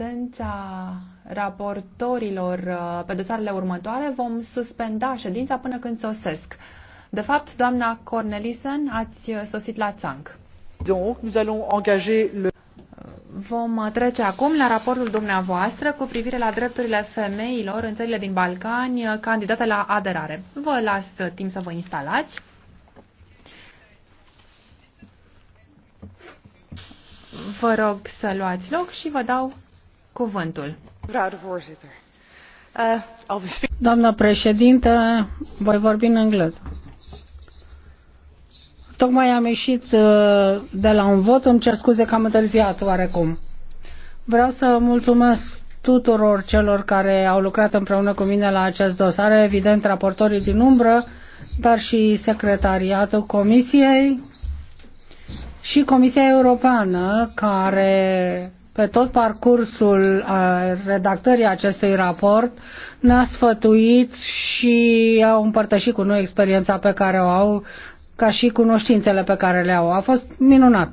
absența raportorilor uh, pe dosarele următoare, vom suspenda ședința până când sosesc. De fapt, doamna Cornelisen, ați uh, sosit la țanc. Donc, nous allons engager le... Vom uh, trece acum la raportul dumneavoastră cu privire la drepturile femeilor în țările din Balcani candidate la aderare. Vă las timp să vă instalați. Vă rog să luați loc și vă dau Eh, Doamnă președintă, voi vorbi în engleză. Tocmai am ieșit eh, de la un vot, îmi cer scuze că am întârziat oarecum. Vreau să mulțumesc tuturor celor care au lucrat împreună cu mine la acest dosar, evident raportorii din umbră, dar și secretariatul Comisiei și Comisia Europeană, care pe tot parcursul redactării acestui raport ne-a sfătuit și au împărtășit cu noi experiența pe care o au, ca și cunoștințele pe care le au. A fost minunat.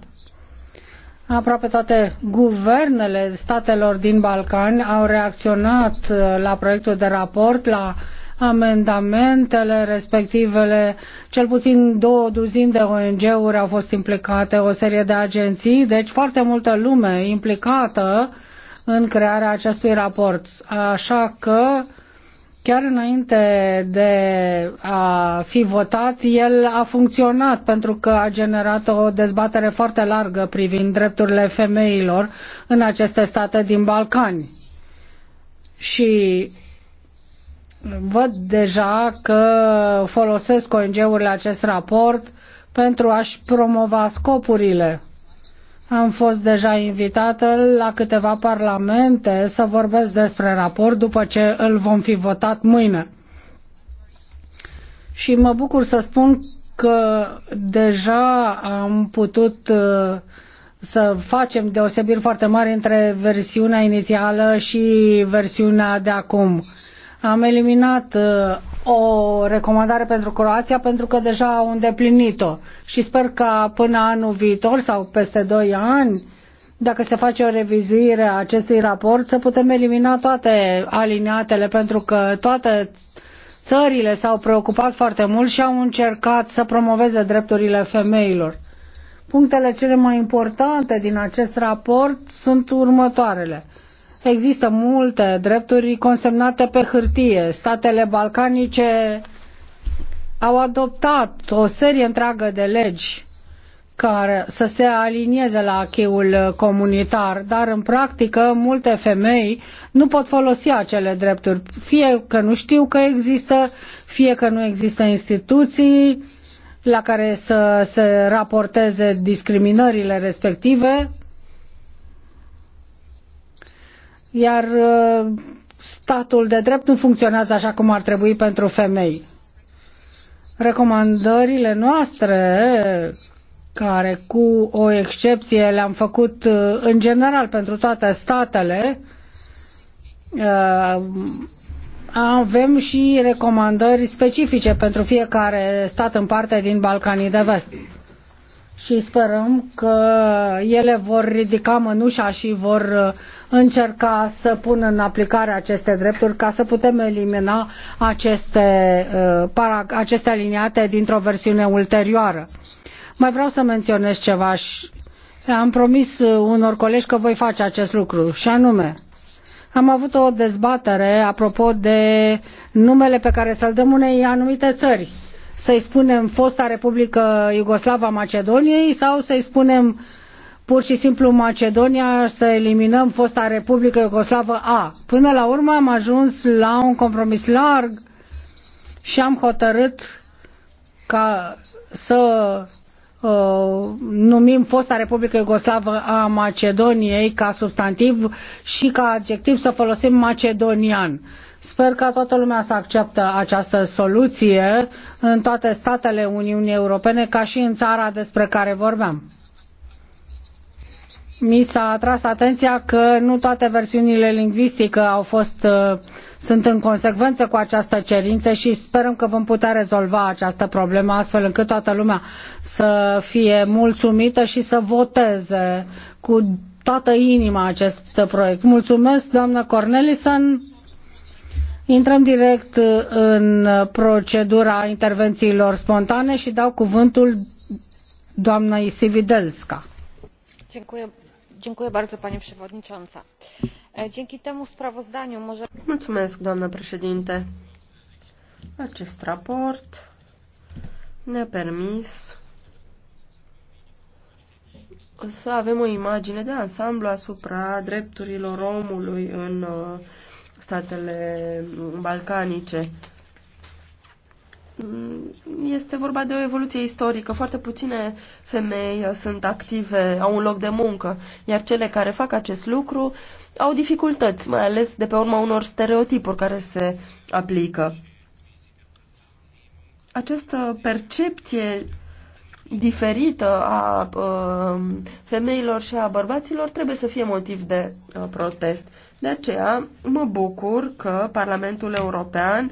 Aproape toate guvernele statelor din Balcani au reacționat la proiectul de raport, la uh, amendamentele respectivele, cel puțin două duzini de ONG-uri au fost implicate, o serie de agenții, deci foarte multă lume implicată în crearea acestui raport. Așa că chiar înainte de a fi votat, el a funcționat pentru că a generat o dezbatere foarte largă privind drepturile femeilor în aceste state din Balcani. Și văd deja că folosesc ONG-urile acest raport pentru a-și promova scopurile. Am fost deja invitată la câteva parlamente să vorbesc despre raport după ce îl vom fi votat mâine. Și mă bucur să spun că deja am putut uh, să facem deosebiri foarte mari între versiunea inițială și versiunea de acum am eliminat uh, o recomandare pentru Croația pentru că deja au îndeplinit-o și sper că până anul viitor sau peste 2 ani, dacă se face o revizuire a acestui raport, să putem elimina toate aliniatele pentru că toate țările s-au preocupat foarte mult și au încercat să promoveze drepturile femeilor. Punctele cele mai importante din acest raport sunt următoarele. Există multe drepturi consemnate pe hârtie. Statele balcanice au adoptat o serie întreagă de legi care să se alinieze la acheul comunitar, dar în practică multe femei nu pot folosi acele drepturi, fie că nu știu că există, fie că nu există instituții la care să se raporteze discriminările respective iar uh, statul de drept nu funcționează așa cum ar trebui pentru femei. Recomandările noastre, care cu o excepție le-am făcut uh, în general pentru toate statele, uh, avem și recomandări specifice pentru fiecare stat în parte din Balcanii de Vest. Și sperăm că ele vor ridica mânușa și vor încerca să pună în aplicare aceste drepturi ca să putem elimina aceste, uh, aceste aliniate dintr-o versiune ulterioară. Mai vreau să menționez ceva și am promis uh, unor colegi că voi face acest lucru și anume am avut o dezbatere apropo de numele pe care să-l dăm unei anumite țări. Să-i spunem fosta Republică Iugoslava Macedoniei sau să-i spunem pur și simplu Macedonia să eliminăm fosta Republică Iugoslavă A. Până la urmă am ajuns la un compromis larg și am hotărât ca să uh, numim fosta Republică Iugoslavă a Macedoniei ca substantiv și ca adjectiv să folosim macedonian. Sper ca toată lumea să acceptă această soluție în toate statele Uniunii Europene, ca și în țara despre care vorbeam mi s-a atras atenția că nu toate versiunile lingvistice au fost, uh, sunt în consecvență cu această cerință și sperăm că vom putea rezolva această problemă astfel încât toată lumea să fie mulțumită și să voteze cu toată inima acest proiect. Mulțumesc, doamnă Cornelison. Intrăm direct în procedura intervențiilor spontane și dau cuvântul doamnei Sividelska. Dziękuję pani przewodnicząca! dzięki temu sprawozdaniu możemy. mulțumesc ne a permis să avem o imagine de ansamblu asupra drepturilor omului în uh, statele balcanice. Mm, este vorba de o evoluție istorică. Foarte puține femei uh, sunt active, au un loc de muncă, iar cele care fac acest lucru au dificultăți, mai ales de pe urma unor stereotipuri care se aplică. Această percepție diferită a a uh, femeilor și a bărbaților trebuie să fie motiv de a, uh, protest. De aceea mă bucur că Parlamentul European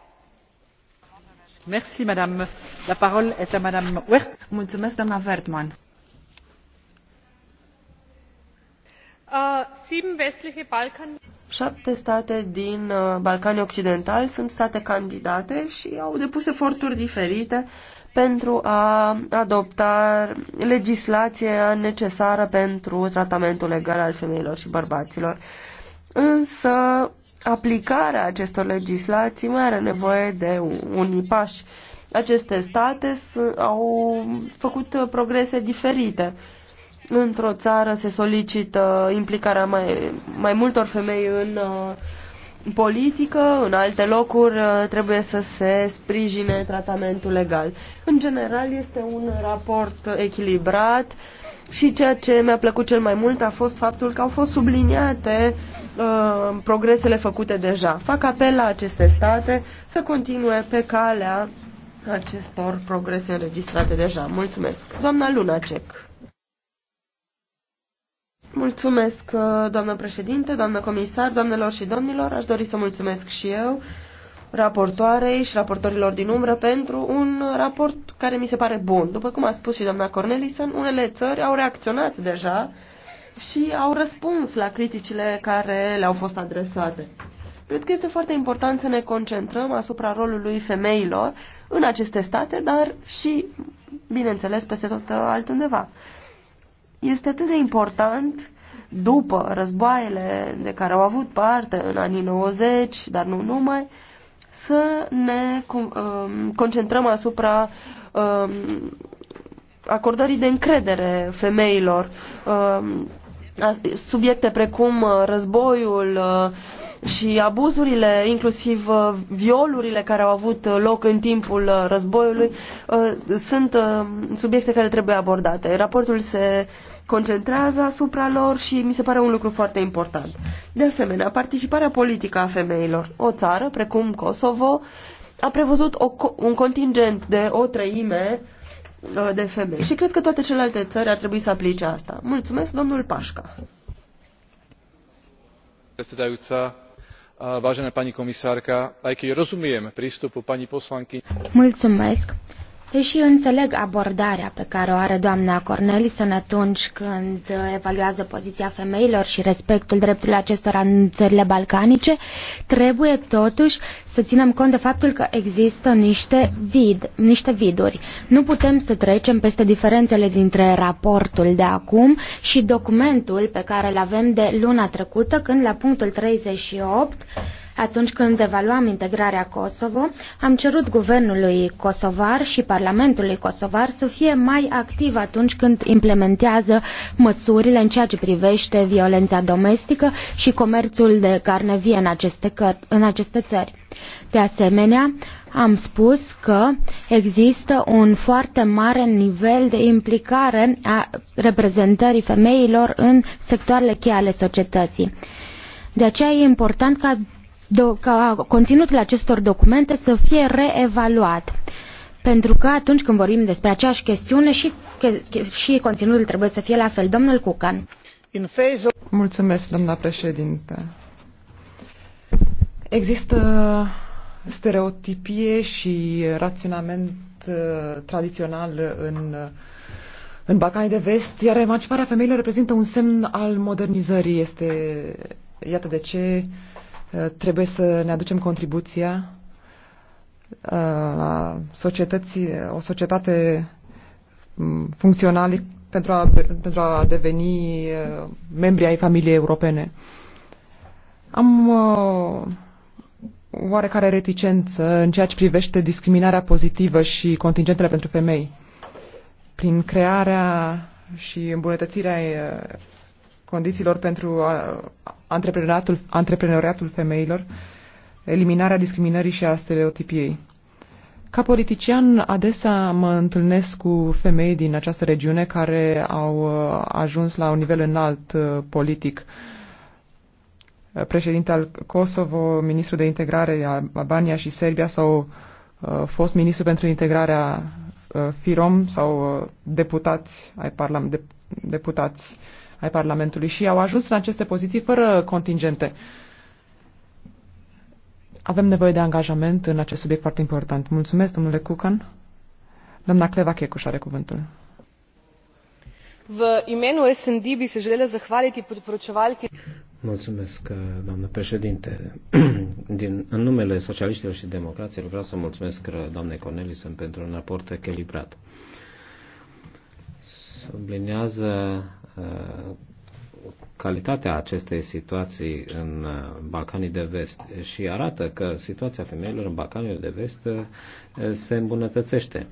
Uh, Șapte state din uh, Balcanii Occidentali sunt state candidate și au depus eforturi diferite pentru a adopta legislația necesară pentru tratamentul legal al femeilor și bărbaților însă aplicarea acestor legislații mai are nevoie de unii pași. Aceste state au făcut uh, progrese diferite. Într-o țară se solicită implicarea mai, mai multor femei în uh, politică, în alte locuri uh, trebuie să se sprijine tratamentul legal. În general este un raport echilibrat și ceea ce mi-a plăcut cel mai mult a fost faptul că au fost subliniate uh, Uh, progresele făcute deja. Fac apel la aceste state să continue pe calea acestor progrese înregistrate deja. Mulțumesc. Doamna Lunacek. Mulțumesc, uh, doamnă președinte, doamnă comisar, doamnelor și domnilor. Aș dori să mulțumesc și eu raportoarei și raportorilor din umbră pentru un raport care mi se pare bun. După cum a spus și doamna Cornelison, unele țări au reacționat deja și au răspuns la criticile care le-au fost adresate. Cred că este foarte important să ne concentrăm asupra rolului femeilor în aceste state, dar și, bineînțeles, peste tot uh, altundeva. Este atât de important după războaiele de care au avut parte în anii 90, dar nu numai, să ne um, concentrăm asupra um, acordării de încredere femeilor, um, subiecte precum uh, războiul uh, și abuzurile, inclusiv uh, violurile care au avut loc în timpul războiului, sunt subiecte care trebuie abordate. Raportul se concentrează asupra lor și mi se pare un lucru foarte important. De asemenea, participarea politică a femeilor. O țară, precum Kosovo, a prevăzut o, un contingent de o treime uh, Uh, de femei. Și cred că toate celelalte țări ar trebui să aplice asta. Mulțumesc, domnul Pașca. Predsedajúca, vážená pani komisárka, aj keď rozumiem prístupu pani poslanky... Mulțumesc. Deși înțeleg abordarea pe care o are doamna Cornelison atunci când evaluează poziția femeilor și respectul dreptului acestora în țările balcanice, trebuie totuși să ținem cont de faptul că există niște, vid, niște viduri. Nu putem să trecem peste diferențele dintre raportul de acum și documentul pe care îl avem de luna trecută, când la punctul 38 atunci când evaluam integrarea Kosovo, am cerut guvernului kosovar și parlamentului kosovar să fie mai activ atunci când implementează măsurile în ceea ce privește violența domestică și comerțul de carne vie în aceste, în aceste țări. De asemenea, am spus că există un foarte mare nivel de implicare a reprezentării femeilor în sectoarele cheie ale societății. De aceea e important ca ca conținutul acestor documente să fie reevaluat. Pentru că atunci când vorbim despre aceeași chestiune și, și conținutul trebuie să fie la fel. Domnul Cucan. Mulțumesc, doamna președinte. Există stereotipie și raționament uh, tradițional în, în Balcanii de Vest, iar emanciparea femeilor reprezintă un semn al modernizării. Este, iată de ce, uh, Eh, trebuie să ne aducem contribuția la eh, societății, o societate mm, funcțională pentru a, pentru a deveni eh, membri ai familiei europene. Am oarecare reticență în ceea ce privește discriminarea pozitivă și contingentele pentru femei. Prin crearea și îmbunătățirea condițiilor pentru antreprenoriatul, antreprenoriatul femeilor, eliminarea discriminării și a stereotipiei. Ca politician, adesea mă întâlnesc cu femei din această regiune care au uh, ajuns la un nivel înalt uh, politic. Președinte al Kosovo, ministru de integrare a Albania și Serbia sau uh, fost ministru pentru integrarea FIROM sau deputați ai parlament, deputați ai Parlamentului și au ajuns în aceste poziții fără contingente. Avem nevoie de angajament în acest subiect foarte important. Mulțumesc, domnule Cucan. Doamna Cleva Checuș are cuvântul. V imenu SND bi se želela zahvaliti podporočevalki. Mulțumesc, uh, doamnă președinte. Din, în numele socialiștilor și democraților vreau să mulțumesc uh, doamnei Cornelison pentru un raport echilibrat. Uh, sublinează uh, calitatea acestei situații în uh, Balcanii de Vest și arată că situația femeilor în Balcanii de Vest uh, se îmbunătățește.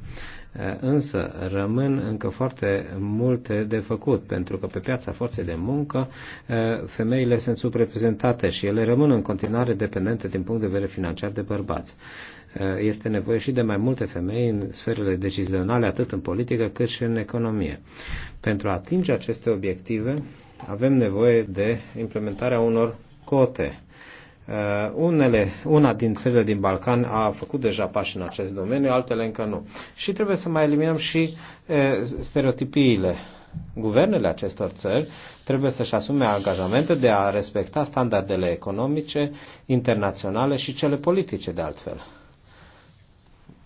Însă rămân încă foarte multe de făcut, pentru că pe piața forței de muncă femeile sunt subreprezentate și ele rămân în continuare dependente din punct de vedere financiar de bărbați. Eh, este nevoie și de mai multe femei în sferele decizionale, atât în politică cât și în economie. Pentru a atinge aceste obiective, avem nevoie de implementarea unor cote. Eh, unele, una din țările din Balcan a făcut deja pași în acest domeniu, altele încă nu. Și trebuie să mai eliminăm și eh, stereotipiile guvernele acestor țări trebuie să-și asume angajamente de a respecta standardele economice, internaționale și cele politice de altfel.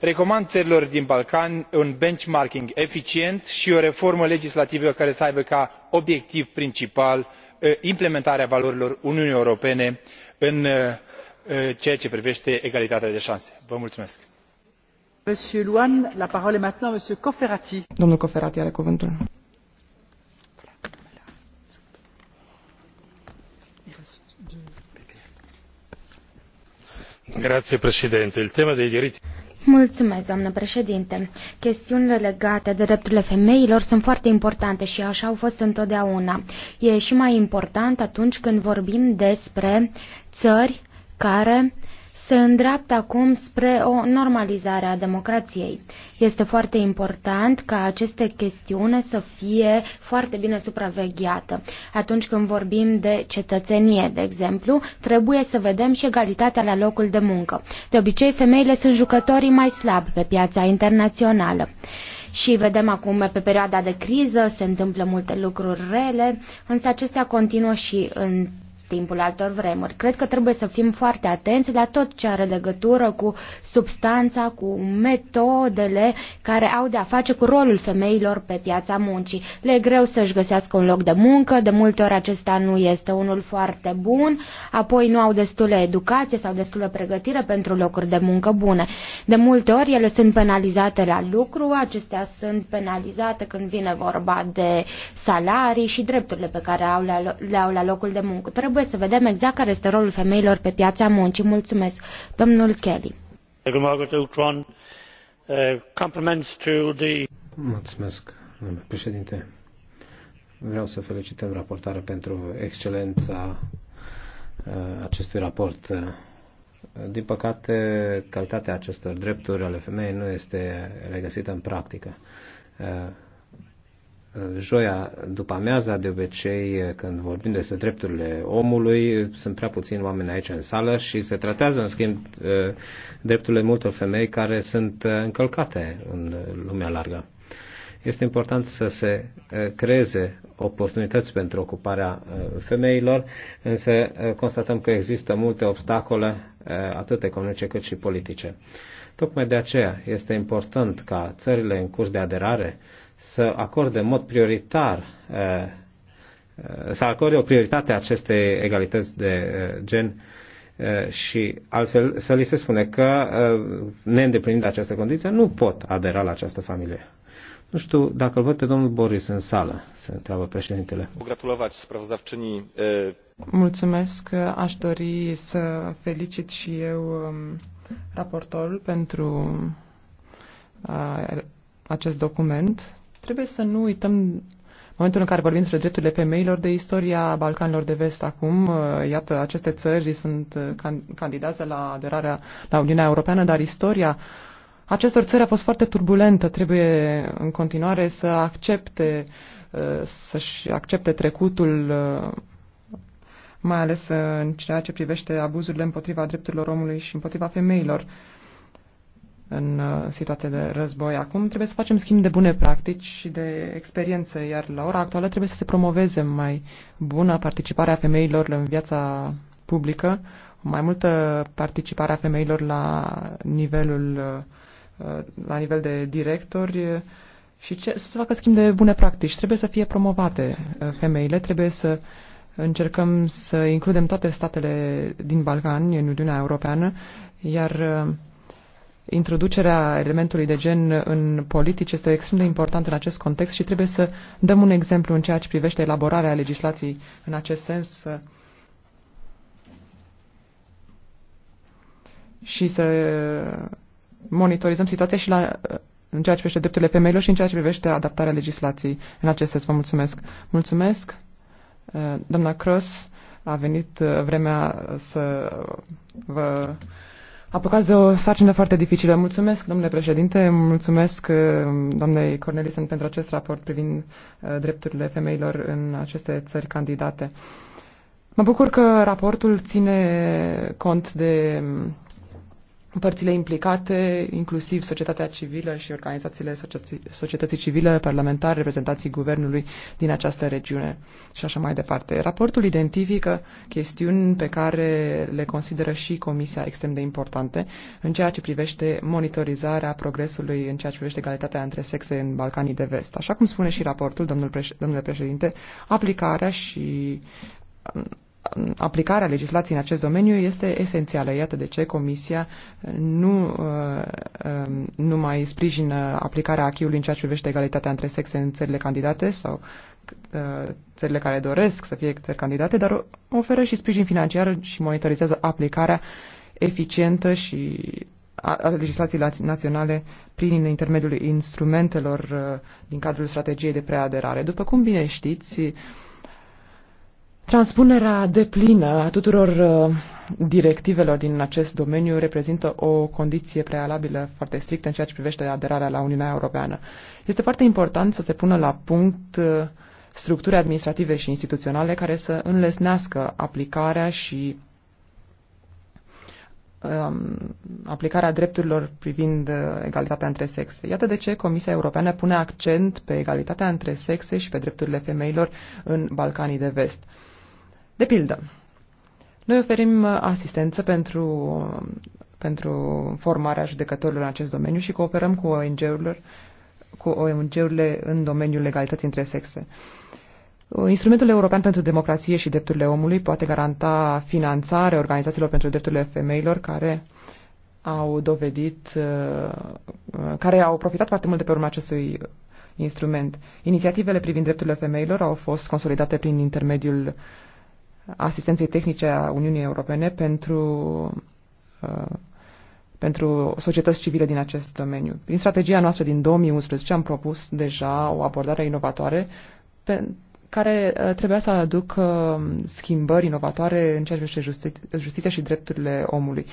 recomand ărilor din balcani un benchmarking eficient și o reformă legislativă care să aibă ca obiectiv principal uh, implementarea valorilor uniunii europene în uh, uh, ceea ce privește egalitatea de anse. Vă mulțumesc. Domnul Coferati Mulțumesc, doamnă președinte. Chestiunile legate de drepturile femeilor sunt foarte importante și așa au fost întotdeauna. E și mai important atunci când vorbim despre țări care se îndreaptă acum spre o normalizare a democrației. Este foarte important ca aceste chestiune să fie foarte bine supravegheată. Atunci când vorbim de cetățenie, de exemplu, trebuie să vedem și egalitatea la locul de muncă. De obicei, femeile sunt jucătorii mai slabi pe piața internațională. Și vedem acum, pe perioada de criză, se întâmplă multe lucruri rele, însă acestea continuă și în timpul altor vremuri. Cred că trebuie să fim foarte atenți la tot ce are legătură cu substanța, cu metodele care au de a face cu rolul femeilor pe piața muncii. Le e greu să-și găsească un loc de muncă, de multe ori acesta nu este unul foarte bun, apoi nu au destulă educație sau destulă pregătire pentru locuri de muncă bune. De multe ori ele sunt penalizate la lucru, acestea sunt penalizate când vine vorba de salarii și drepturile pe care au le au la locul de muncă. Trebuie Trebuie să vedem exact care este rolul femeilor pe piața muncii. Mulțumesc, domnul Kelly. Uh, Mulțumesc, domnule președinte. Vreau să felicităm raportarea pentru excelența uh, acestui raport. Uh, din păcate, calitatea acestor drepturi ale femeii nu este regăsită în practică joia după amiaza, de obicei, când vorbim despre drepturile omului, sunt prea puțini oameni aici în sală și se tratează, în schimb, drepturile multor femei care sunt uh, încălcate în lumea largă. Este important să se uh, creeze oportunități pentru ocuparea uh, femeilor, însă constatăm că există multe obstacole, atât economice cât și politice. Tocmai de aceea este important ca țările în curs de aderare să acorde în mod prioritar eh, eh, să acorde o prioritate acestei egalități de eh, gen și altfel să li se spune că neîndeplinind această condiție nu pot adera la această familie. Nu știu dacă îl văd pe domnul Boris în sală, se întreabă președintele. Mulțumesc, aș dori să felicit și eu um, raportorul pentru uh, acest document Trebuie să nu uităm momentul în care vorbim despre drepturile femeilor de istoria Balcanilor de Vest acum, uh, iată, aceste țări sunt uh, can- candidează la aderarea la Uniunea Europeană, dar istoria acestor țări a fost foarte turbulentă. Trebuie în continuare să accepte, uh, să-și accepte trecutul, mai ales în ceea ce privește abuzurile împotriva drepturilor omului și împotriva femeilor în uh, situație de război acum, trebuie să facem schimb de bune practici și de experiențe, iar la ora actuală trebuie să se promoveze mai bună participarea femeilor în viața publică, mai multă participare a femeilor la nivelul uh, uh, la nivel de directori și ce, să se facă schimb de bune practici. Trebuie să fie promovate femeile, trebuie să încercăm să includem toate statele din Balcani în Uniunea Europeană, iar introducerea elementului de gen în politici este extrem de important în acest context și trebuie să dăm un exemplu în ceea ce privește elaborarea legislației în acest sens și să monitorizăm situația și la, în ceea ce privește drepturile femeilor și în ceea ce privește adaptarea legislației în acest sens. Vă mulțumesc. Mulțumesc. Doamna Cross, a venit vremea să vă apucați de o sarcină foarte dificilă. Mulțumesc, domnule președinte, mulțumesc uh, doamnei Cornelisen pentru acest raport privind uh, drepturile femeilor în aceste țări candidate. Mă bucur că raportul ține cont de părțile implicate, inclusiv societatea civilă și organizațiile societății civile, parlamentare, reprezentanții guvernului din această regiune și așa mai departe. Raportul identifică chestiuni pe care le consideră și Comisia extrem de importante în ceea ce privește monitorizarea progresului, în ceea ce privește egalitatea între sexe în Balcanii de Vest. Așa cum spune și raportul, domnul preș- domnule președinte, aplicarea și aplicarea legislației în acest domeniu este esențială. Iată de ce Comisia uh, nu uh, um, nu mai sprijină aplicarea acquis în ceea ce privește egalitatea între sexe în țările candidate sau uh, țările care doresc să fie țări candidate, dar oferă și sprijin financiar și monitorizează aplicarea eficientă și a legislației naționale prin intermediul instrumentelor din cadrul strategiei de preaderare. După cum bine știți, Transpunerea deplină a tuturor uh, directivelor din acest domeniu reprezintă o condiție prealabilă foarte strictă în ceea ce privește aderarea la Uniunea Europeană. Este foarte important să se pună la punct uh, structuri administrative și instituționale care să înlesnească aplicarea și um, aplicarea drepturilor privind uh, egalitatea între sexe. Iată de ce Comisia Europeană pune accent pe egalitatea între sexe și pe drepturile femeilor în Balcanii de Vest. De pildă, noi oferim uh, asistență pentru, um, pentru formarea judecătorilor în acest domeniu și cooperăm cu ONG-urile cu ONG-urile în domeniul legalității între sexe. Uh, instrumentul European pentru Democrație și Drepturile Omului poate garanta finanțare organizațiilor pentru drepturile femeilor care au dovedit, uh, care au profitat foarte mult de pe urma acestui instrument. Inițiativele privind drepturile femeilor au fost consolidate prin intermediul uh, asistenței tehnice a Uniunii Europene pentru, uh, pentru societăți civile din acest domeniu. Prin strategia noastră din 2011 am propus deja o abordare inovatoare pe, care uh, trebuia să aducă schimbări inovatoare în ceea ce privește justiția și drepturile omului.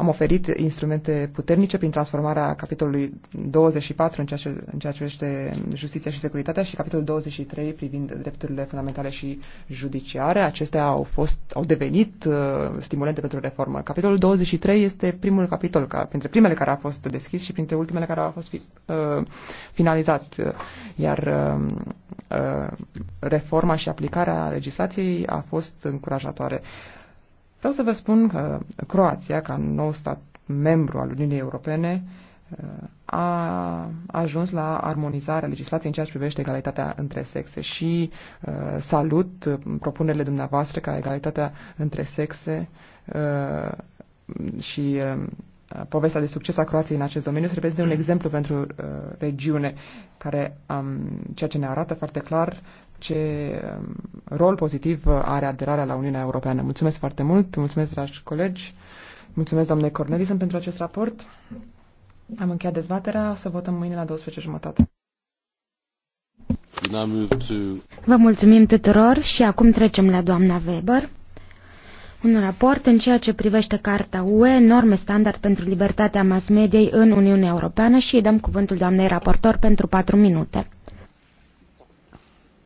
Am oferit instrumente puternice prin transformarea capitolului 24 în ceea ce, în ceea ce privește justiția și securitatea și capitolul 23 privind drepturile fundamentale și judiciare. Acestea au, fost, au devenit uh, stimulente pentru reformă. Capitolul 23 este primul capitol, ca, printre primele care a fost deschis și printre ultimele care a fost fi, uh, finalizat. Iar uh, uh, reforma și aplicarea legislației a fost încurajatoare. Uh, Vreau să vă spun că Croația, ca nou stat membru al Uniunii Europene, uh, a ajuns la armonizarea legislației în ceea ce privește egalitatea între sexe și uh, salut uh, propunerile dumneavoastră ca egalitatea între sexe și povestea de succes a Croației în acest domeniu se reprezintă un exemplu pentru regiune, care um, ceea ce ne arată foarte clar ce um, rol pozitiv are aderarea la Uniunea Europeană. Mulțumesc foarte mult, mulțumesc, dragi colegi, mulțumesc, doamne Cornelison, pentru acest raport. Am încheiat dezbaterea, o să votăm mâine la jumătate. Vă mulțumim tuturor și acum trecem la doamna Weber. Un raport în ceea ce privește Carta UE, norme standard pentru libertatea mass mediei în Uniunea Europeană și îi dăm cuvântul doamnei raportor pentru 4 minute.